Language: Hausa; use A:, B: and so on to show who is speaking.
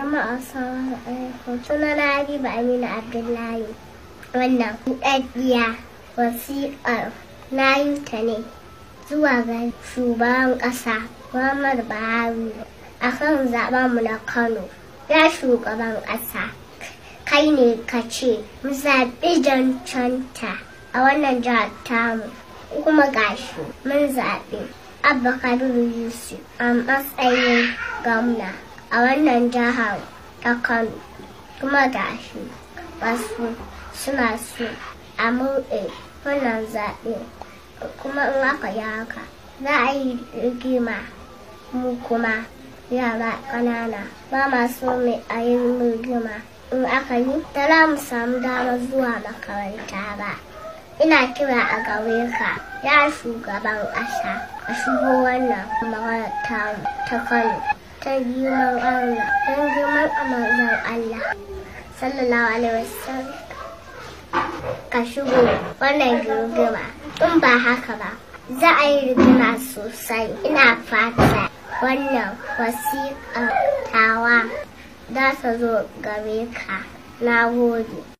A: jama'a assalamu alaikum suna na aminu abdullahi wannan ɗaɗɗiya wasiƙar na yi ta ne zuwa ga shugaban ƙasa muhammadu buhari a kan zaɓenmu na kano ya shugaban ƙasa kai ne ka ce mu zaɓi cancanta a wannan jihar tamu kuma gashi mun zaɓi abba kabiru yusuf a matsayin gwamna a wannan jihar ta Kano kuma shi wasu suna su a murɗe wannan zaɓe kuma in aka yi haka za a yi rigima mu kuma yara ƙanana ba ma so mai a yi rigima in aka yi ta za mu samu dama zuwa makaranta ba. ina kira a gare ka ya shugaban ƙasa a shigo wannan makaranta ta kano ta girman Allah don girman amanzan Allah sallallahu alaihi wasallam ka shigo wannan girgima in ba haka ba za a yi rigima sosai ina fata wannan wasiƙa tawa za ta zo gare ka na gode